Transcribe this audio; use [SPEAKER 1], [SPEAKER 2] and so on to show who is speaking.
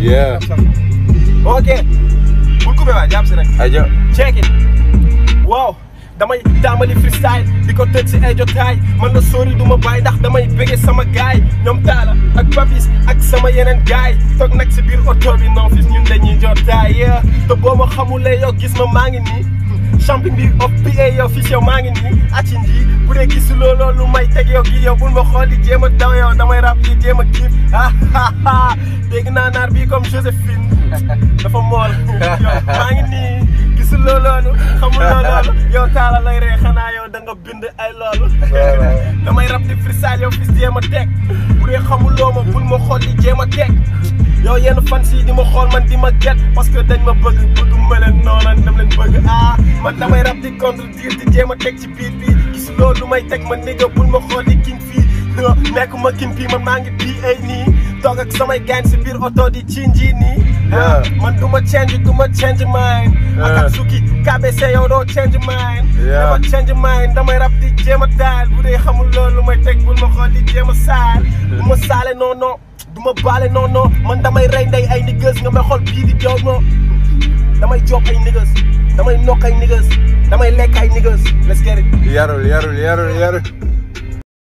[SPEAKER 1] Yeah. ok. bul coupé waay jàpp si rek. aja. check it. waaw. damay daamali freestyle di ko tëj si ay jotaay man na sóori du ma bàyyi ndax damay bëgge sama gaay ñoom taala ak papis ak sama yeneen gaay toog nag si biir oto bi fis ñun dañuy jotaay te boo ma xamulee yow gis ma maa ngi nii champion bi of PA yow fis yow maa ngi bu dee gisuloo loolu may teg yow gi yow bul ma xool di jéem a daw yow damay rab yi jéem a kiif dégg naa naar bii comme Joséphine dafa mool yow maa ngi nii yow taala lay yow da nga freestyle yow fis jéem a teg bu dee xamuloo ma bul ma xool di jéem a teg yow yenn fan si di ma xool man di ma get parce que dañ ma bëgg bëgg ma leen noonaan dam leen bëgg ah man damay rab di contredire di jéem a teg ci biir bi gis loolu may teg ma nigga bul ma xool di king fii nekk ma king fii man maa ngi bii nii toog ak samay gaañ si biir oto di ci nji nii. man du ma change du ma change mind. ak ak suki KBC yow oh, doo change mind. dama change mind damay rab di jéem a daal bu dee xamul loolu may teg bul ma xool di jéem a saal. du non non du ma non non man damay rey ndey ay niggas nga may xool bii di jox non damay jox ay niggas damay nokk ay niggas damay lekk ay niggas let's get it. yarul yarul yarul yarul.